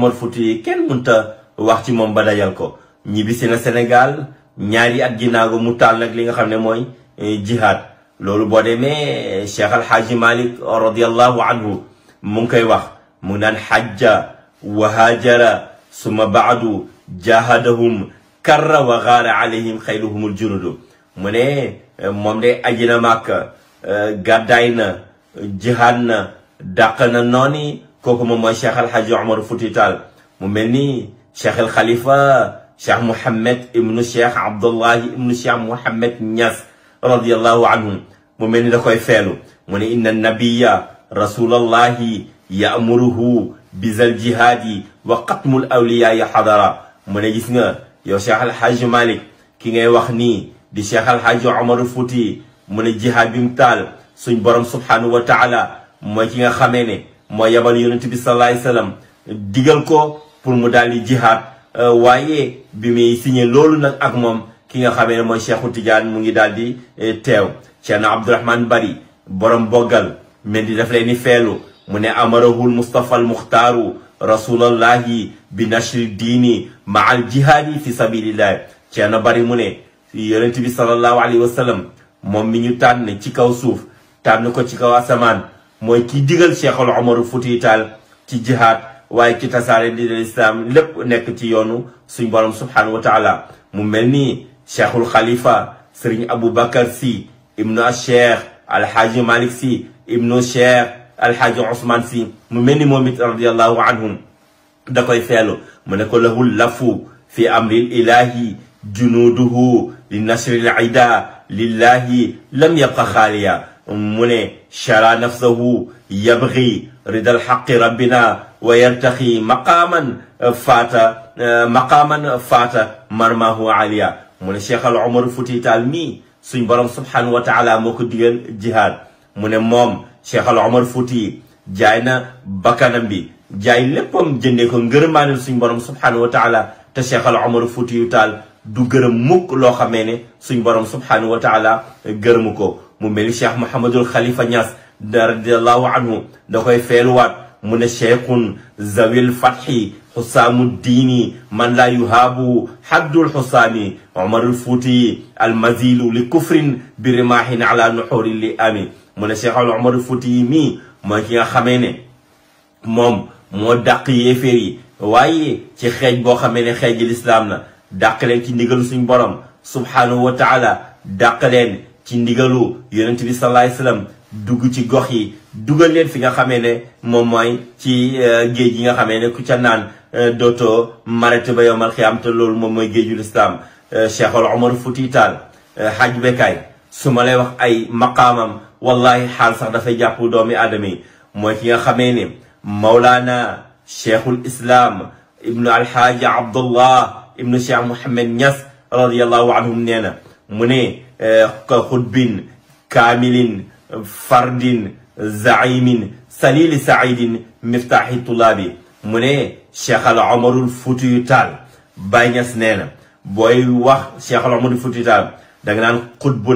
Omar Fouti yi kenn mënta wax ci moom ba dajal ko ñibbisi na Sénégal ñaari at ginnaaw mu taal nag li nga xam ne mooy eh, jihaad loolu boo demee eh, Cheikh Al Hadji Malick radiallahu anhu mu ngi koy wax mu ngi xaj xajja wa haajara suma baadu jahadahum karra wa gaara alayhim xayluhumul junudu mu ne eh, moom de aji na màkk gàddaay na nooni kooku moom mooy cheikh alxaaji omar futi taal mu mel ni cheikh al mu mel ni da koy feelu mu ne inna nabiya rasulallahi yaamuruhu bizal jihaadi wa qatmul awliyayi xadara mu ne gis nga yow cheikh alxaaji malik ki ngay wax ni di cheikh alxaaji omar futi mu ne jihaad mu taal suñ borom subhanahu wa taala mooy ki nga xamee moo yabal yonent bi salaay salaam digal ko pour mu daal di jihaad euh, waaye bi muy signé loolu nag ak moom ki nga xamee ne mooy Cheikhu tijaan mu ngi daal di euh, teew Cheikh na Abdourahmane Bari borom boggal mel ni daf leen di feelu mu ne amarahul Mustafa al Muxtaaru rasulallahi bi nashri diini ma al jihaadi fi sabilillah Cheikh na Bari mu ne yonent bi sallallahu alayhi wa moom mi ñu tànn ci kaw suuf tànn ko ci kaw asamaan mooy ki digal Cheikhul Omar Fuuti Taal ci jihaad waaye ki tasaare di lislaam lépp nekk ci yoonu suñ borom subhanahu wa taala mu mel ni cheikhul xalifa sëriñ Aboubacar si ibnu cheikh alxaaji Malick si ibnu cheikh alxaaji Ousmane si mu mel ni moom it radiallahu anhum da koy feelu mu ne ko lahul lafu fi amril ilahi junuuduhu li nashril ida lillahi lam yabqa xaaliya mu ne chara nafsahu yabghi ridal xaqi rabbina wa yartaxi maqaaman faata eh, maqaaman faata marmahu aliya mu ne cheikh al omar futi taal mii suñ borom subhanahu wa taala moo ko digal jihaad mu ne moom cheikh al omar futi jaay na bakkanam bi jaay léppam jëndee ko ngërëmaane suñ borom subhanahu wa taala te cheikh al omar futi yu taal du gërëm mukk loo xamee ne suñ borom subhanahu wa taala gërëmu ko mu mel ni cheikh Mouhamadul Khalifa Niass radiallahu anhu da koy feeluwaat mu ne cheikhun zawil fatxi xusaamu diini man laa yuhaabu xaddul xusaami omarul fuuti almazilu li kufrin bi rimaahin ala nuxuri li ami mu ne cheikh al omarul fuuti yi mii mooy ki nga xamee ne moom moo dàq yéeféer yi waaye ci xeej boo xamee ne xeeji lislaam la dàq leen ci ndigal suñ borom subhaanahu wa taala dàq leen ci ndigalu yonent bi salaay salaam dugg ci gox yi dugal leen fi nga xamee ne moom mooy ci euh, géej gi nga xamee ne ku ca naan euh, dootoo marete ba yowmal xiyaam te loolu moom mooy géeju lislaam euh, Cheikhul Omar Fuuti Taal Haj Bekkaay su ma lay wax ay maqaamam wallahi xaal sax dafay jàpp doomi aadama mooy ki nga xamee ne Mawlaana Cheikhul Islaam ibnu alxaaji Abdullah ibnu Cheikh Mouhamed Niass radiallahu anhum nee na mu ne xutbin eh, kaamilin fardin zaimin salili saidin miftaaxi tulaabi mu ne cheikh al omarul futiyu taal Baay Ñas nee na booy wax cheikh al omarul futiyu taal da nga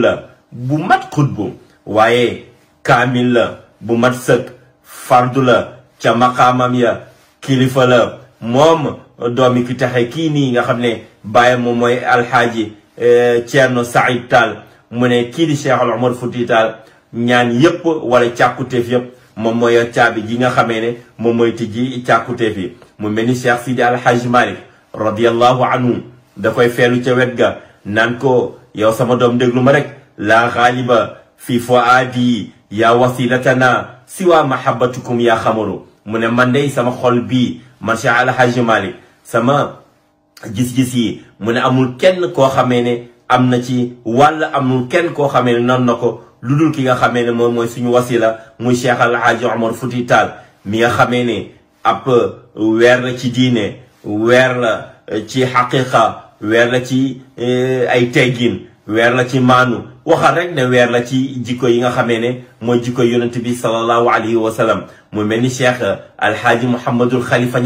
la bu mat xutbu waaye kaamil la bu mat sëkk fardu la ca maqaamam ya kilifa la moom doomi ki taxe kii nii nga xam ne bàyyam moom mooy alxaaji Eh, Thierno Saïd Tall mu ne kii di Cheikh Omar Fouti Tall ñaan yépp wala càkkuteef yépp moom mooy caabi ji nga xamee ne moom mooy tijji càkkuteef yi mu mel ni Cheikh Sidi Al Hadj Malick radiyallahu anhu da koy feelu ca wet ga naan ko yow sama doom déglu ma rek laa xaaliba fii fuaadi yaa wasilatana siwa mahabbatukum ya xamaru mu ne man dey sama xol bii man Cheikh Al Hadj Malick sama gis-gis yi mu ne amul kenn koo xamee ne am na ci walla amul kenn koo xamee ne nan na ko lu dul ki nga xamee ne moom mooy suñu wasila muy Cheikh Al Hadj Omar Fouti Tall mi nga xamee ne ab la ci diine weer la eh, ci xaqiqa weer la ci eh, ay teggin weer la ci maanu waxal ne weer la ci jikko yi nga xamee ne mooy jikko yonent bi sallallahu alayhi wa sallam mu mel ni Cheikh Al Hadj Mouhamadul Khalifa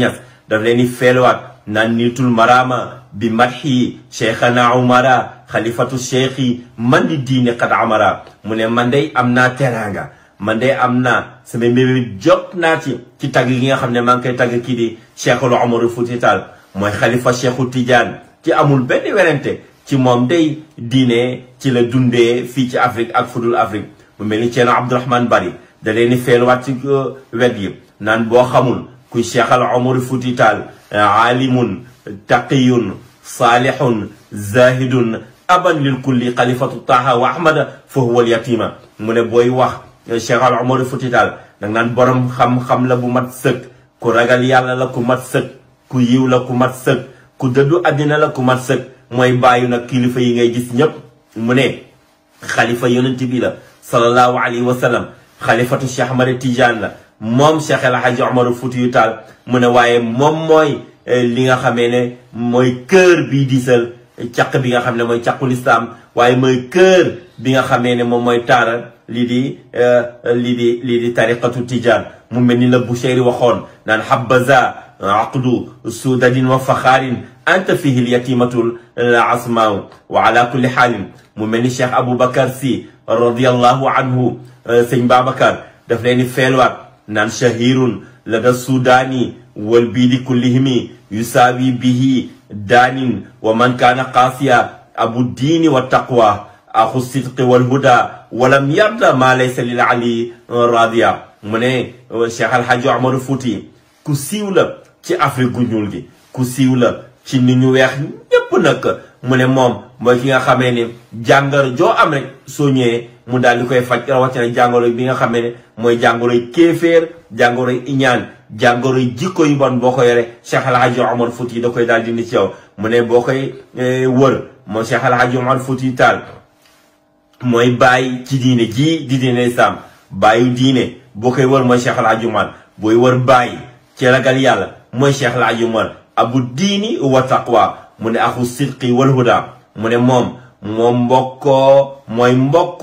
leen di feeluwaat nannitul marama bi madhi cheikhana umara xalifatu cheikhi man di diine xad amara mu ne man day am naa teraanga man day am naa sama mbébé jot naa ci ci tagg gi nga xam ne maa ngi koy tagg kii di cheikhul omar fuuti mooy xalifa cheikhu tidiane ci amul benn werante ci moom day diine ci la dunde fii ci afrique ak fudul afrique mu mel ni ceerno abdourahman bari da leen di feeluwaat ci euh, wet yi naan boo xamul kuy cheikhal omar fuuti taal aalimun taqiyun saalihun zahidun aban lil kulli xalifatu taha wa ahmada fa huwa al yatima mu ne booy wax Cheikh Al Omar Fouti Tall dang naan borom xam-xam la bu mat sëkk ku ragal yàlla la ku mat sëkk ku yiw la ku mat sëkk ku dëddu àddina la ku mat sëkk mooy bàyyi nag kilifa yi ngay gis ñépp mu ne xalifa yonent bi la sallallahu alayhi wa sallam xalifatu Cheikh Ahmad Tidiane la moom Cheikh El Hadji Omar Foutiyou Tall mu ne waaye moom mooy eh, li nga xamee ne mooy kër bi diisal eh, caq bi nga xam ne mooy caqu lislaam waaye mooy kër bi nga xamee ne moom mooy taaral lii di eh, lii di lii di tariqatu tijaan mu mel ni la Busheeri waxoon naan habbaza aqdu suudadin wa faxaarin anta fihi lyatimatul asmaaw wa ala kulli xaalin mu mel ni Cheikh Aboubacar Sy radiallahu si sëñ Babacar daf leen di feelwaat naan shahirun lada sudaani wal biidi kullihimi yusaawi bihi daanin wa man kaana qaasiya abu diini wa taqwa axu sidqi wal huda walam yarda maa laysa lil ali radia mu ne uh, cheikh alhaji Omar Fouti ku siiw la ci Afrique gu ñuul gi ku siiw la ci ni ñu weex ñépp nag mu ne moom mooy ki nga xamee ne jàngaro joo am rek soo ñëwee mu daal di koy faj rawatina jàngoro bi nga xamee ne mooy jàngoroy kéeféer jàngoroy iñaan jàngoroy jikko yu bon boo ko yore Cheikh El Hadj Omar Fouti da koy daal di ni ci yow mu ne boo koy eh, wër moom Cheikh El Hadj Omar Fouti mooy bàyyi ci diine ji di diine bàyyi diine boo koy wër mooy Cheikh El Hadj booy wër bàyyi ci ragal yàlla mooy Cheikh El Hadj abu diini wa taqwa mu ne axu sidqi wal huda mu ne moom moom mbokkoo mooy mbokk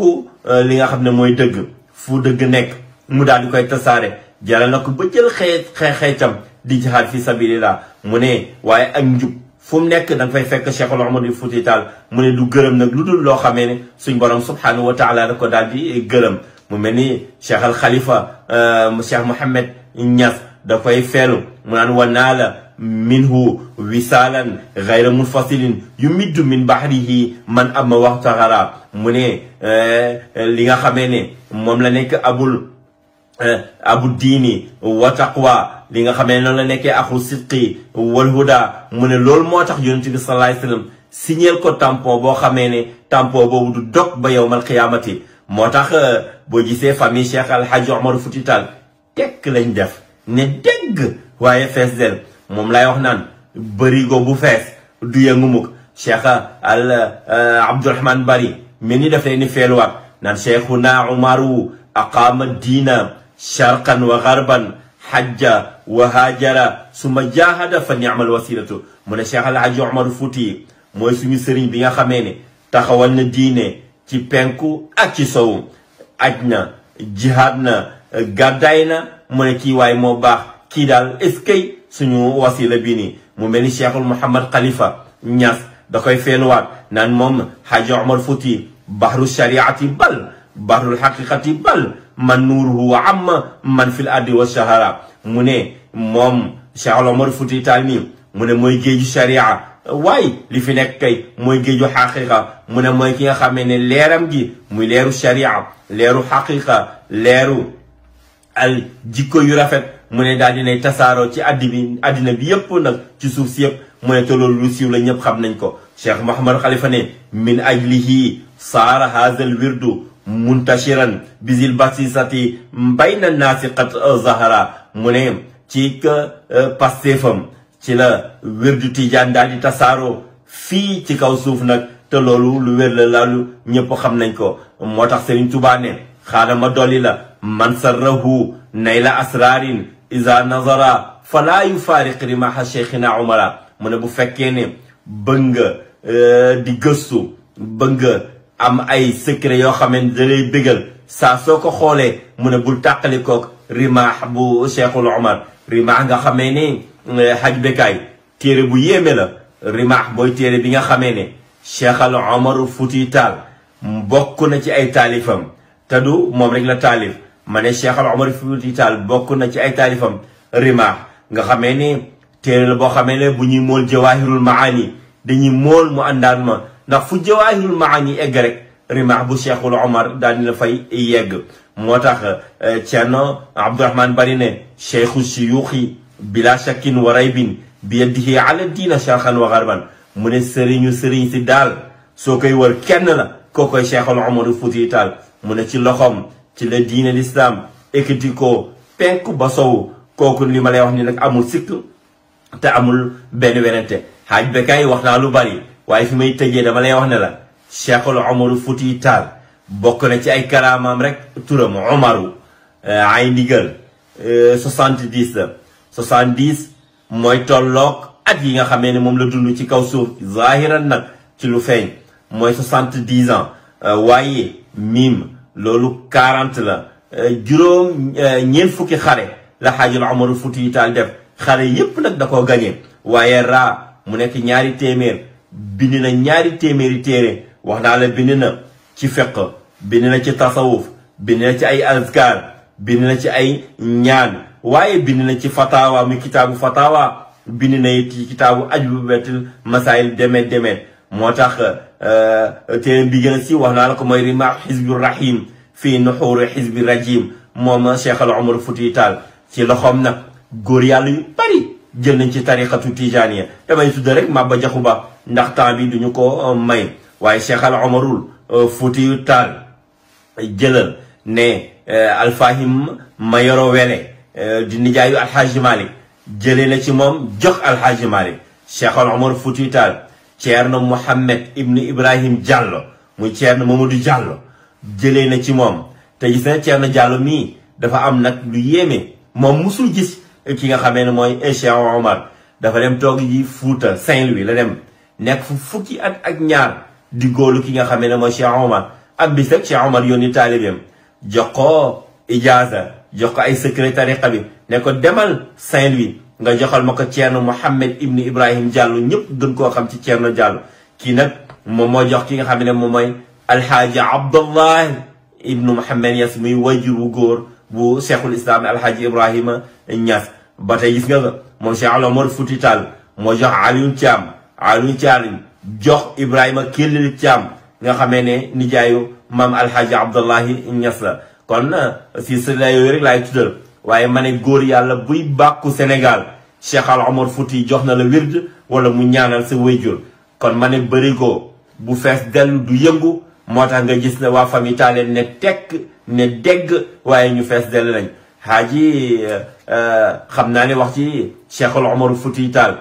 euh, li nga xam ne mooy dëgg fu dëgg nekk mu daal di koy tasaare jaral na ko ba jël xee xeexeecam di jihaad fi sabilillah mu ne waaye ak njub fu nekk da nga fay fekk Cheikhul Omar di Fuuti mu ne du gërëm nag lu loo xamee ne suñ borom subhanahu wa taala da ko daal di gërëm mu mel ni Cheikh al Khalifa euh, Cheikh Mouhamed Niass da koy feelu mu naan wa la minhu wisaalan gayra munfasilin yu middu min bahrihi man ab ma waxta xara mu ne eh, li nga xamee ne moom la nekk abul eh, abu diini wa taqwa li nga xamee noonu la nekkee axu sidqi wal huda mu ne loolu moo tax yonent bi sallallahu alayhi wasallam signeel ko tampon boo xamee ne tampon boobu du dog ba yowmal qiyaamati moo tax eh, boo gisee famille Cheikh Alhaji Omar Fouti Tall tekk lañ def ne dégg waaye fees moom lay wax naan bërigo bu fees du yëngu mukk cheikh al euh, euh, abdourahman bari mel ni daf lay ni feeluwaat naan cheikhuna umaru aqaama diina sharqan wa garban xajja wa haajara suma jahada fa niamal wasilatu mu ne cheikh alhaji umaru fuuti mooy suñu sëriñ bi nga xamee ne taxawal na diine ci penku ak ci sowu aj na jihaad na gàddaay na mu ne kii waay moo baax kii daal est-ce suñu wasila bii nii mu mel ni cheikhul Mouhamad Khalifa Niass da koy feenuwaat naan moom Hadj Omar Fouti bahru shariati bal bahrul haqiqati bal man nuuruhu wa amma man fil ardi wa shahara mu ne moom cheikhul Omar Fouti taal mi mu ne mooy géeju sharia waaye li fi nekk kay mooy géeju xaqiqa mu ne mooy ki nga xamee ne leeram gi muy leeru sharia leeru xaqiqa leeru al jikko yu rafet mu ne daal di dinay tasaaroo ci addi bi addina bi yépp nag ci suuf si yépp mu ne te loolu lu siiw la ñépp xam nañ ko cheikh mahamad xalifa ne min ajlihi saara haazal wirdu muntashiran bisil basisati bayna naasi qad zahara mu ne ci e, pasteefam ci la wirdu tijaan daal di tasaaroo fii ci kaw suuf nag te loolu lu wér la laalu ñépp xam nañ ko moo tax Sëriñ Tuubaa ne xaadama dolli la man sarrahu nay la asraarin isa nazara falaa yufaariq rimaha cheikhina umara mu ne bu fekkee ne bëgg nga di gëstu bëgg nga am ay secret yoo xamante da lay bégal saa soo ko xoolee mu ne bul tàqalikoog rimah bu cheikhul umar rimah nga xamee ne haj bekaay téere bu yéeme la rimah booy téere bi nga xamee ne cheikhal umaru futi taal bokk na ci ay taalifam te du moom rek la taalif ma ne Cheikh Al Omar Foutiyou Tall bokk na ci ay taalifam rima nga xamee ne téere la boo xamee ne bu ñuy mool jawaahirul maani dañuy mool mu àndaan ma ndax fu jawaahirul maani egg rek rima bu Cheikhul Omar daal di la fay yegg moo tax eh, Thierno Abdourahmane Bari ne cheikhu siyuuxi bila shakkin wa raybin bi yadihi ala diina charqan wa garban mu ne sëriñu sëriñ si daal soo koy wër kenn la koo koy Cheikhul Omar Foutiyou Tall mu ne ci loxoom ci la diine lislaam ekkati ko penk ba sow kooku li ma lay wax ni nag amul sikk te amul benn wenente xaaj bekaay wax naa lu bari waaye fi may tëjee dama lay wax ne la cheikhul omaru futi taal bokk na ci ay karaamaam rek turam omaru eh, ay ndigal 70 eh, la 70 mooy tolloog at yi nga xam ne moom la dund ci kaw suuf zahiran nag ci lu feeñ mooy 70 ans eh, waaye mim loolu quarante la euh, juróom euh, ñeent fukki xare la xaajul Omar Fuuti Taal def xare yépp nag da koo gañee waaye raa mu nekk ñaari téeméer bind na ñaari téeméeri téere wax naa la bind na ci fiq bind na ci tasawuf bind na ci ay azkar bind ci ay ñaan waaye bind na ci fatawa mi kitaabu fatawa bind na ci kitaabu ajwabatul masail demet demet moo tax Eh, te bi gën a wax naa la ko mooy rimaax xisbi rahim fii nuxuuri xisbi rajim moom Cheikh al Omar Fouti Tall ci loxoom nag góor yàlla yu bari jël nañ ci tariqatu tijaaniya damay tudd rek ba Jaxu Ba ndax temps bi duñu ko eh, may waaye Cheikh al Omarul eh, Fouti Tall jëlal ne alfahim mayoro wele di nijaayu alxaaji Malik jëlee na ci moom jox alxaaji Malik Cheikh al Omar Fouti Tall Thierno Mohamed Ibn Ibrahim Diallo muy Thierno Mamadou Diallo jëlee na ci moom te gis na Thierno Diallo mii dafa am nag lu yéeme moom musul gis ki nga xamee ne mooy Cheikh Omar dafa dem toog ji Fuuta Saint-Louis la nekk fu fukki at ak ñaar di góolu ki nga xamee ne mooy Cheikh Omar ab bis rek Cheikh Omar yónni taalibeem jox ko ijaaza jox ko ay secret tariqa bi ne ko demal Saint-Louis nga joxal ma ko Thierno Mouhamed Ibn Ibrahim Diallo ñëpp gën koo xam ci Thierno Diallo kii nag moom moo jox ki nga xam ne moom mooy alxaaji Abdallah Ibn Mouhamed Niass muy wajur wu góor bu cheikhul islam alxaaji Ibrahima Niass ba tey gis nga ko moom Cheikh Al Omar Fouti Tall moo jox Alioune Thiam Alioune Thiam jox Ibrahima Kellil Thiam nga xamee ne nijaayu maam alxaaji Abdallahi Niass la kon euh, si sëriñ yooyu rek laay tuddal waaye ma ne góor yàlla buy bàkku Sénégal Cheikh Al jox na la wird wala mu ñaanal sa wéyjur kon ma ne bërigo bu fees dellu du yëngu moo tax nga gis ne waa famille taaleen ne tekk ne dégg waaye ñu fees dellu lañ xaaji euh, euh, xam naa ne wax ci Cheikh Al Omar Fouti Taal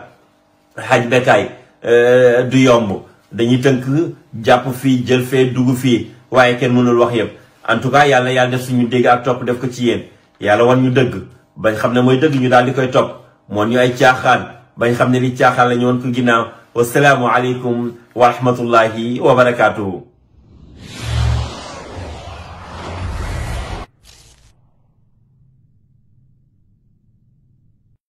xaaj bekkaay euh, du yomb dañuy tënk jàpp fii jël fee dugg fii waaye kenn mënul wax yëpp en tout yàlla yàlla def suñu dégg ak topp def ko ci yéen yàlla wan ñu dëgg bañ xam ne mooy dëgg ñu daal di koy topp moon ñu ay caaxaan bañ xam ne di caaxaan la ñu woon ko ginnaaw wasalaamu aleykum wa rahmatullahi wa barakaatuhu